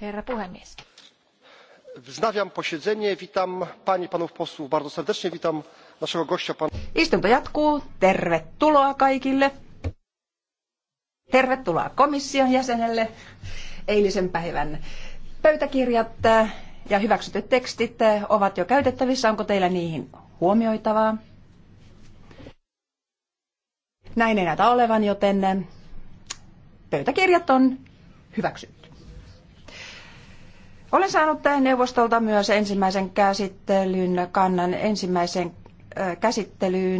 Herra puhemies. Wznawiam posiedzenie. Witam panie i panów posłów bardzo serdecznie. Witam naszego gościa. Pan... Istunto jatkuu. Tervetuloa kaikille. Tervetuloa komission jäsenelle. Eilisen päivän pöytäkirjat äh, ja hyväksytyt tekstit äh, ovat jo käytettävissä. Onko teillä niihin huomioitavaa? Näin ei näytä olevan, joten eh, pöytäkirjat on hyväksytty. Olen saanut neuvostolta myös ensimmäisen käsittelyn kannan ensimmäisen eh, käsittelyyn